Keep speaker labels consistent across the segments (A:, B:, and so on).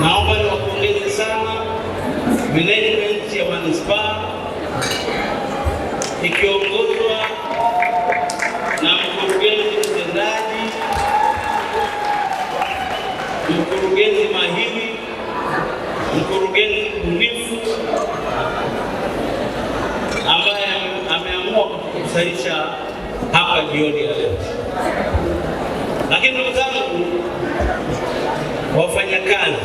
A: Naomba niwapongeze sana management ya manispaa ikiongozwa kunufaisha hapa jioni ya leo. Lakini ndugu zangu wafanyakazi,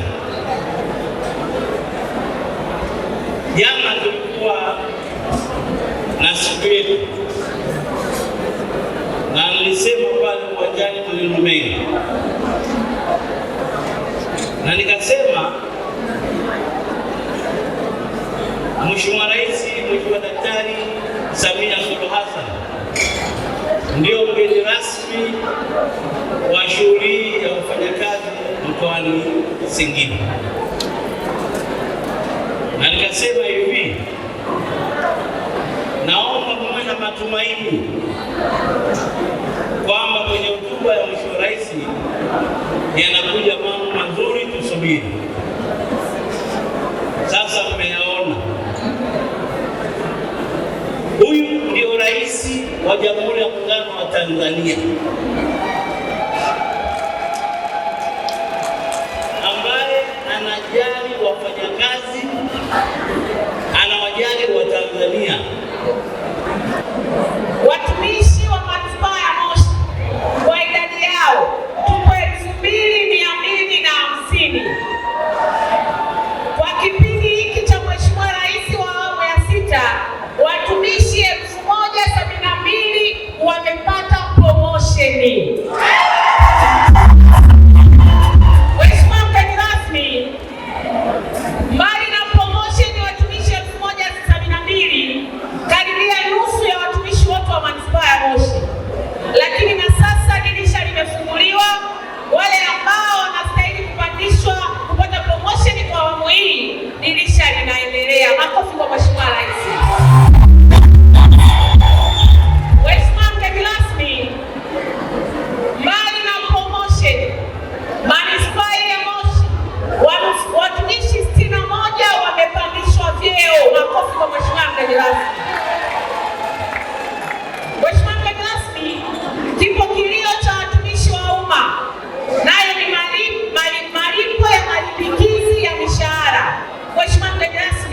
A: jana tulikuwa na siku yetu na nilisema pale uwanjani maneno mengi na nikasema Mheshimiwa Rais, Mheshimiwa mwenyekiti wa shughuli ya wafanyakazi mkoani Singida, na nikasema hivi, naomba muwe na matumaini wa Jamhuri ya Muungano wa Tanzania ambaye anajali wafanyakazi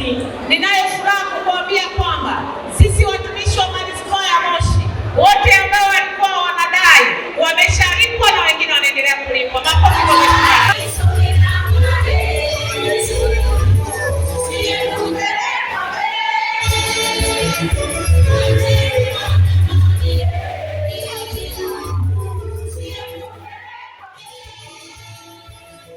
B: sisi